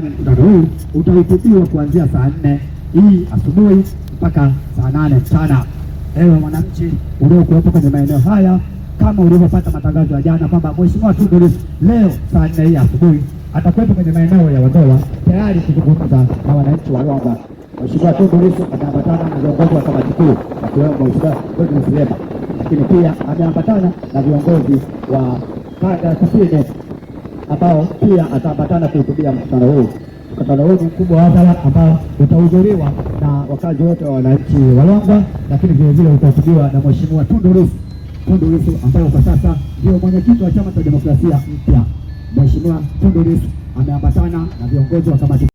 kufanya mkutano huu utahutubiwa kuanzia saa nne hii asubuhi mpaka saa nane mchana. Ewe mwananchi uliokuwepo kwenye maeneo haya, kama ulivyopata matangazo ya jana kwamba mheshimiwa Tundu leo saa nne hii asubuhi atakuwepo kwenye maeneo ya wadola tayari kuzungumza na wananchi wa Romba. Mheshimiwa Tundu Lissu ameambatana na viongozi wa kamati kuu akiwemo Mheshimiwa Godwin lakini pia ameambatana na viongozi wa kanda ya kusini ambao pia ataambatana kuhutubia mkutano huu. Mkutano huu ni mkubwa wa hadhara ambao utahudhuriwa na wakazi wote wa wananchi wa Ruangwa, lakini vilevile utahutubiwa na Mheshimiwa Tundu Lissu, Tundu Lissu ambaye kwa sasa ndio mwenyekiti wa Chama cha Demokrasia Mpya. Mheshimiwa Tundu Lissu ameambatana na viongozi wa kamati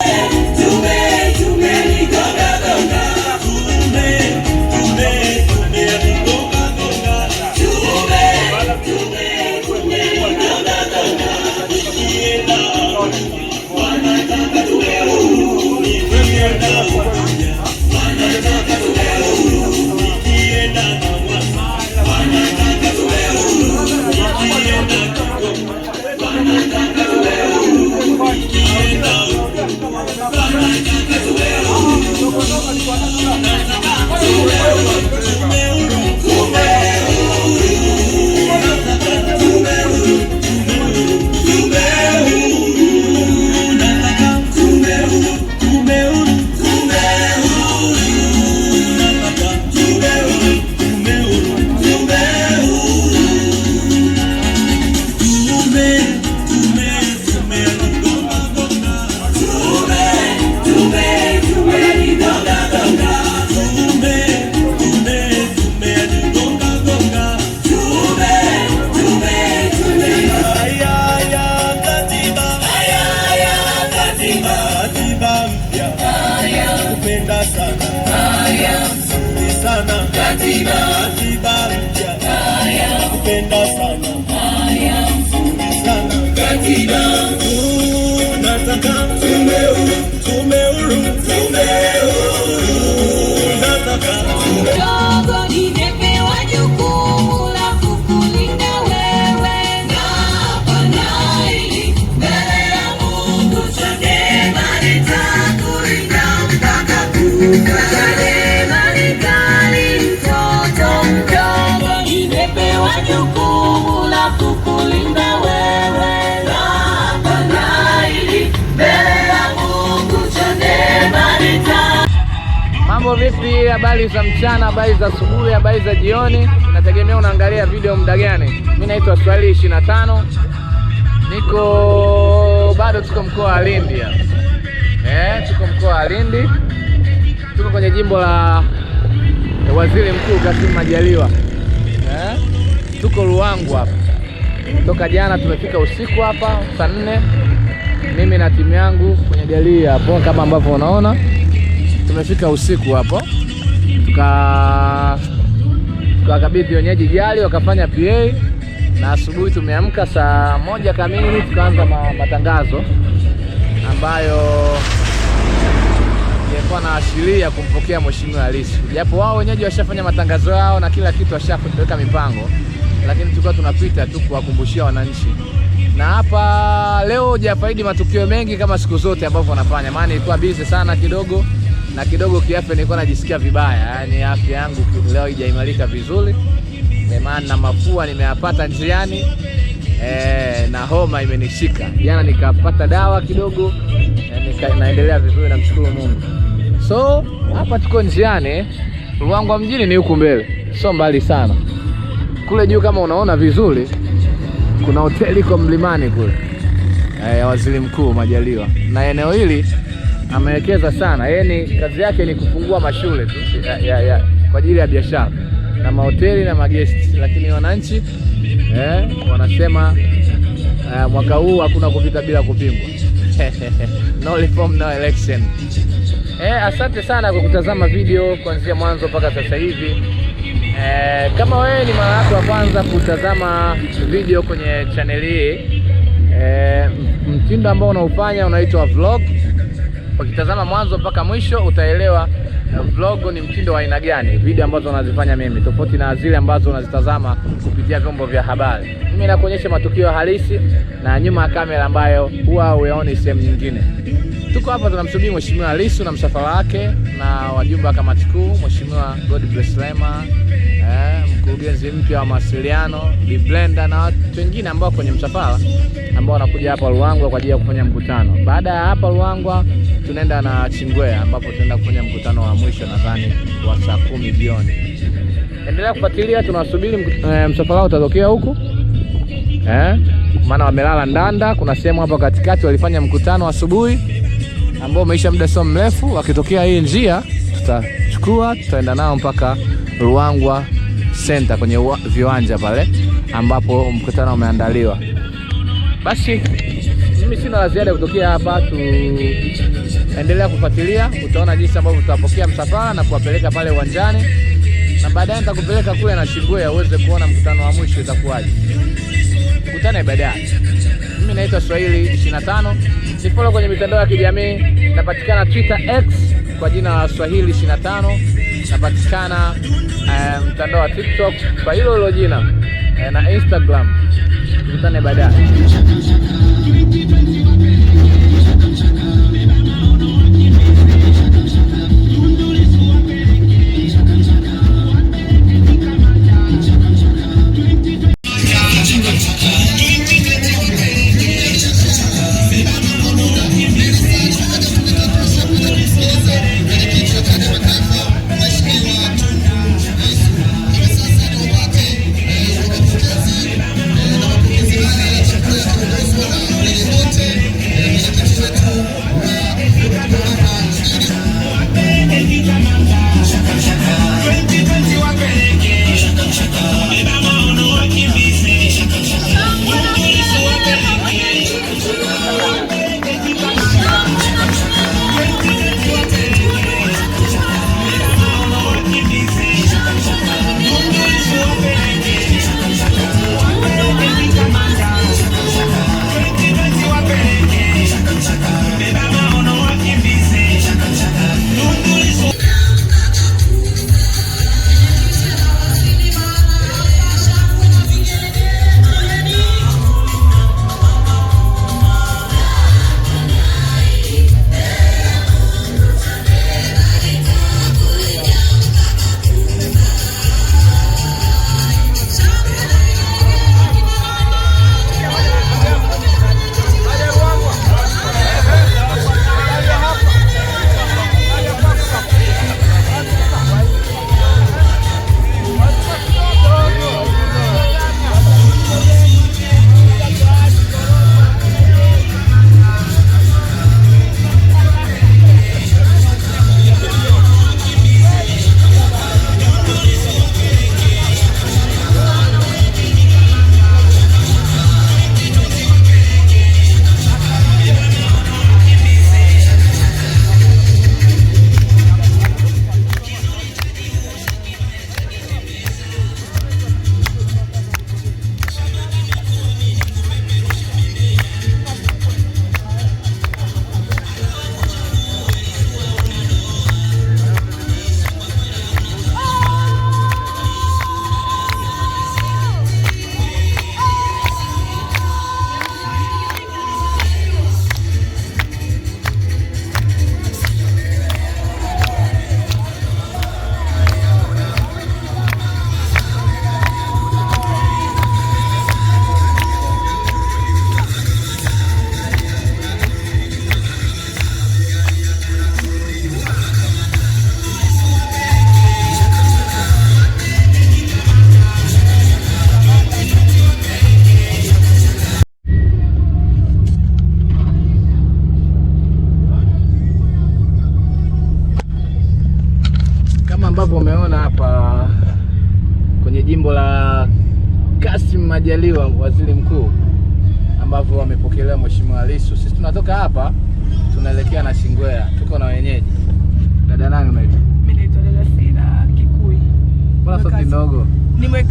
Mambo vipi? Habari za mchana, habari za asubuhi, habari za jioni, nategemea unaangalia video muda gani. Mimi naitwa Swahili 25 niko bado, tuko mkoa wa Lindi eh, tuko mkoa wa Lindi kwenye jimbo la Waziri Mkuu Kassim Majaliwa eh? Tuko Ruang'u hapa toka jana, tumefika usiku hapa saa nne, mimi na timu yangu kwenye gari hapo kama ambavyo unaona, tumefika usiku hapo tuka tukakabidhi wenyeji gari wakafanya PA, na asubuhi tumeamka saa moja kamili tukaanza matangazo ambayo walikuwa na ashiria kumpokea Mheshimiwa Lissu, japo wao wenyeji washafanya matangazo yao na kila kitu, washaweka mipango, lakini tulikuwa tunapita tu kuwakumbushia wananchi. Na hapa leo hujafaidi matukio mengi kama siku zote ambavyo wanafanya, maana ilikuwa busy sana kidogo na kidogo kiafya nilikuwa najisikia vibaya, yaani afya yangu leo haijaimarika vizuri, maana na mafua nimeyapata njiani e, na homa imenishika jana, nikapata dawa kidogo e, naendelea vizuri, namshukuru Mungu. So hapa tuko njiani, Ruangwa mjini ni huku mbele, sio mbali sana. Kule juu kama unaona vizuri, kuna hoteli iko mlimani kule eh, ya Waziri Mkuu Majaliwa, na eneo hili amewekeza sana. Yeye ni kazi yake ni kufungua mashule tu kwa ajili ya biashara na mahoteli na magesti, lakini wananchi eh, wanasema eh, mwaka huu hakuna kupita bila kupingwa. No reform no election. Eh, asante sana kwa kutazama video kuanzia mwanzo mpaka sasa hivi. Eh, kama wewe ni mara yako ya kwanza kutazama video kwenye channel hii eh, mtindo ambao unaufanya unaitwa vlog. Ukitazama mwanzo mpaka mwisho utaelewa vlog ni mtindo wa aina gani, video ambazo unazifanya mimi tofauti na zile ambazo unazitazama kupitia vyombo vya habari. Mimi nakuonyesha matukio halisi na nyuma ya kamera ambayo huwa huyaoni sehemu nyingine. Tuko hapa tunamsubiri Mheshimiwa Lissu na msafara wake na wajumbe wa kamati kuu, Mheshimiwa God bless Lema eh, mkurugenzi mpya wa mawasiliano Biblenda na watu wengine ambao kwenye msafara ambao wanakuja hapa Ruangwa kwa ajili ya kufanya mkutano. Baada ya hapa Ruangwa, tunaenda na Chingwea ambapo tunaenda kufanya mkutano wa mwisho nadhani wa saa kumi jioni. Endelea kufuatilia, tunawasubiri e, msafara utatokea huku eh, maana wamelala Ndanda. Kuna sehemu hapa katikati walifanya mkutano asubuhi ambao umeisha muda sio mrefu. Wakitokea hii njia tutachukua, tutaenda nao mpaka Ruangwa center kwenye viwanja pale ambapo mkutano umeandaliwa. Basi mimi sina la ziada kutokea hapa, tuendelea kufuatilia, utaona jinsi ambavyo tutapokea msafara na kuwapeleka pale uwanjani, na baadaye nitakupeleka kule na Shingwe uweze kuona mkutano wa mwisho utakuwaje. Tukutane baadaye. Mimi naitwa Swahili 25. Nifollow kwenye mitandao ya kijamii, napatikana Twitter X kwa jina la Swahili 25 napatikana eh, mtandao wa TikTok kwa hilo hilo jina eh, na Instagram. Tukutane baadaye.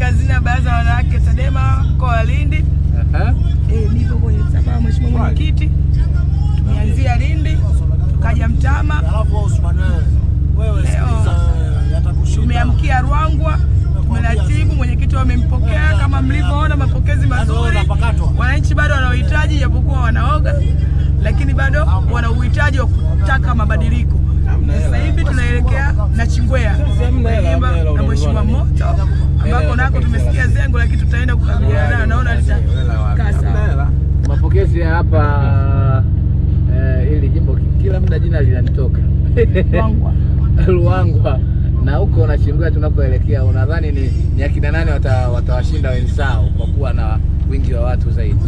kazini na baadhi ya wanawake Chadema mkoa wa Lindi. Eh, kwenye msamaha mheshimiwa mwenyekiti, tumeanzia Lindi tukaja Mtama, tumeamkia Rwangwa, tumeratibu. Mwenyekiti wamempokea kama mlivyoona, mapokezi yaani mazuri. Wananchi bado wanauhitaji, japokuwa wanaoga, lakini bado wana uhitaji wa kutaka mabadiliko. Sasa hivi tunaelekea Nachingwea, Mheshimiwa Moto tutaenda kula, yaani, naona litakasa. Yaani, Mapokezi ya hapa eh, ili jimbo kila muda jina linanitoka Luangwa na huko unachungulia tunapoelekea, unadhani ni, ni akina nani watawashinda wata wenzao kwa kuwa na wingi wa watu zaidi?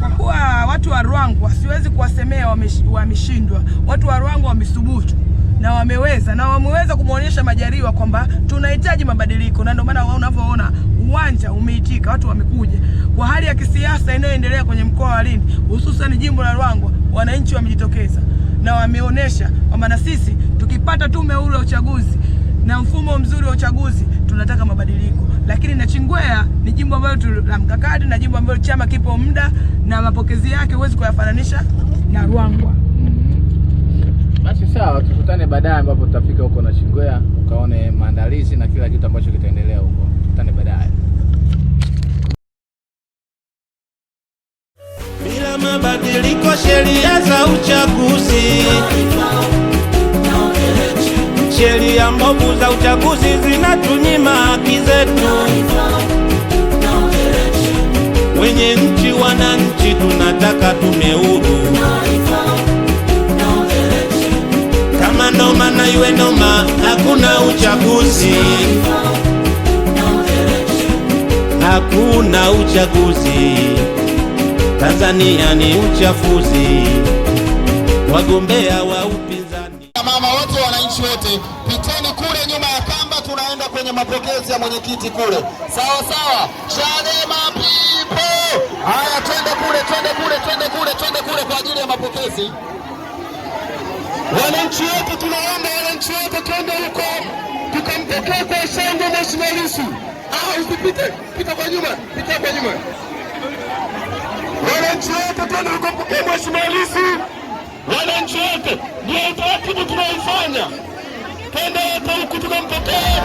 Kwa kuwa watu wa Ruangwa siwezi kuwasemea wameshindwa, watu wa Ruangwa wamesubutu na wameweza na wameweza kumwonyesha Majaliwa kwamba tunahitaji mabadiliko, na ndio maana wao unavyoona uwanja umeitika, watu wamekuja. Kwa hali ya kisiasa inayoendelea kwenye mkoa wa Lindi, hususan jimbo la Ruangwa, wananchi wamejitokeza na wameonesha kwamba na sisi tukipata tume huru ya uchaguzi na mfumo mzuri wa uchaguzi tunataka mabadiliko. Lakini Nachingwea ni jimbo ambalo la mkakati na jimbo ambalo chama kipo muda, na mapokezi yake huwezi kuyafananisha na Ruangwa. Basi sawa, tukutane baadaye ambapo tutafika huko na Shingwea ukaone maandalizi na kila kitu ambacho kitaendelea huko. Tukutane baadaye. Bila mabadiliko sheria za uchaguzi, sheria mbovu za uchaguzi zinatunyima haki zetu. Wenye nchi, wananchi, tunataka tume huru noma na iwe noma, hakuna uchaguzi, hakuna uchaguzi. Tanzania ni uchafuzi, wagombea wa upinzani. Mama wote, wananchi wote, piteni kule nyuma ya kamba, tunaenda kwenye mapokezi ya mwenyekiti kule, sawa sawa. Chadema mapipo Haya, twende kule, twende kule, twende kule, twende kule kwa ajili ya mapokezi. Wananchi wetu, tunaomba, wananchi wetu, twende huko tukampokea kwa shangwe Mheshimiwa Lissu. Usipite, pita kwa nyuma, pita kwa nyuma. Wananchi wetu, twende tukampokea Mheshimiwa Lissu. Wananchi wote, ni utaratibu tunaoifanya, twende wote huku tukampokea.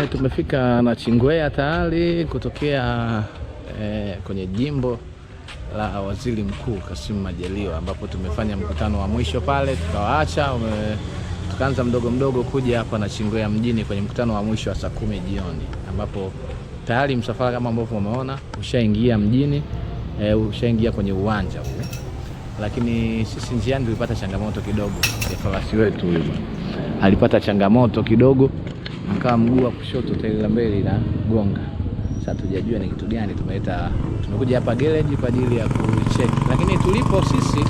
Eh, tumefika Nachingwea tayari kutokea eh, kwenye jimbo la Waziri Mkuu Kassim Majaliwa ambapo tumefanya mkutano wa mwisho pale, tukawaacha tukaanza mdogo mdogo kuja hapa Nachingwea mjini kwenye mkutano wa mwisho wa saa kumi jioni ambapo tayari msafara kama ambavyo umeona ushaingia mjini e, ushaingia kwenye uwanja huu, lakini sisi njiani tulipata changamoto kidogo. Farasi wetu huyu alipata changamoto kidogo mkaa mguu wa kushoto tairi la mbele na gonga. Sasa tujajua ni kitu gani tumeleta, tumekuja hapa garage kwa ajili ya kucheck, lakini tulipo sisi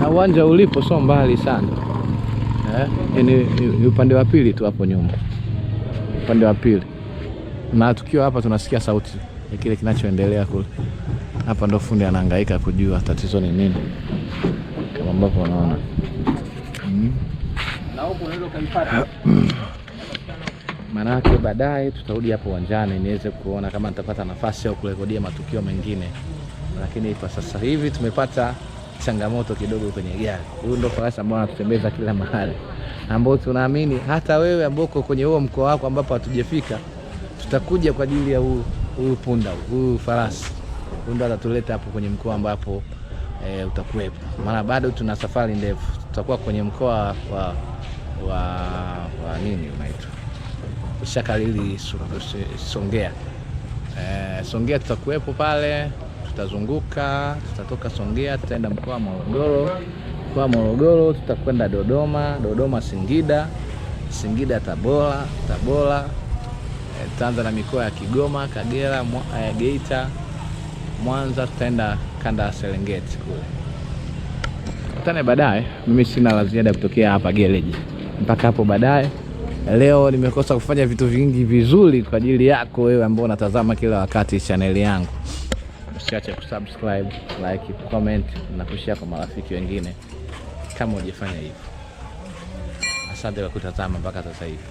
na uwanja ulipo sio mbali sana eh, eh ni upande wa pili tu hapo nyuma, upande wa pili. Na tukiwa hapa tunasikia sauti ya kile kinachoendelea kule. Hapa ndo fundi anahangaika kujua tatizo ni nini, kama ambavyo unaona na huko unaweza ukaipata manake baadaye tutarudi hapo uwanjani niweze kuona kama nitapata nafasi ya kurekodia matukio mengine, lakini kwa sasa hivi tumepata changamoto kidogo kwenye gari. Huyu ndo farasi ambao anatutembeza kila mahali, ambao tunaamini hata wewe ambao uko kwenye huo mkoa wako ambapo hatujafika, tutakuja kwa ajili ya huyu punda, huyu farasi ndo atatuleta hapo kwenye mkoa ambapo e, utakuwepo. Maana bado tuna safari ndefu, tutakuwa kwenye mkoa wa, wa, wa nini unaitwa shaka lili Songea. E, Songea tutakuwepo pale, tutazunguka, tutatoka Songea, tutaenda mkoa wa Morogoro, mkoa wa Morogoro tutakwenda Dodoma, Dodoma Singida, Singida Tabora, Tabora e, tutaanza na mikoa ya Kigoma, Kagera, mwa, eh, Geita, Mwanza, tutaenda kanda ya Serengeti kule. Tutane baadaye. Mimi sina la ziada kutokea hapa gereji, mpaka hapo baadaye. Leo nimekosa kufanya vitu vingi vizuri kwa ajili yako wewe ambao unatazama kila wakati chaneli yangu. Usiache kusubscribe, like, comment na kushare kwa marafiki wengine kama ujifanya hivyo. Asante kwa kutazama mpaka sasa hivi.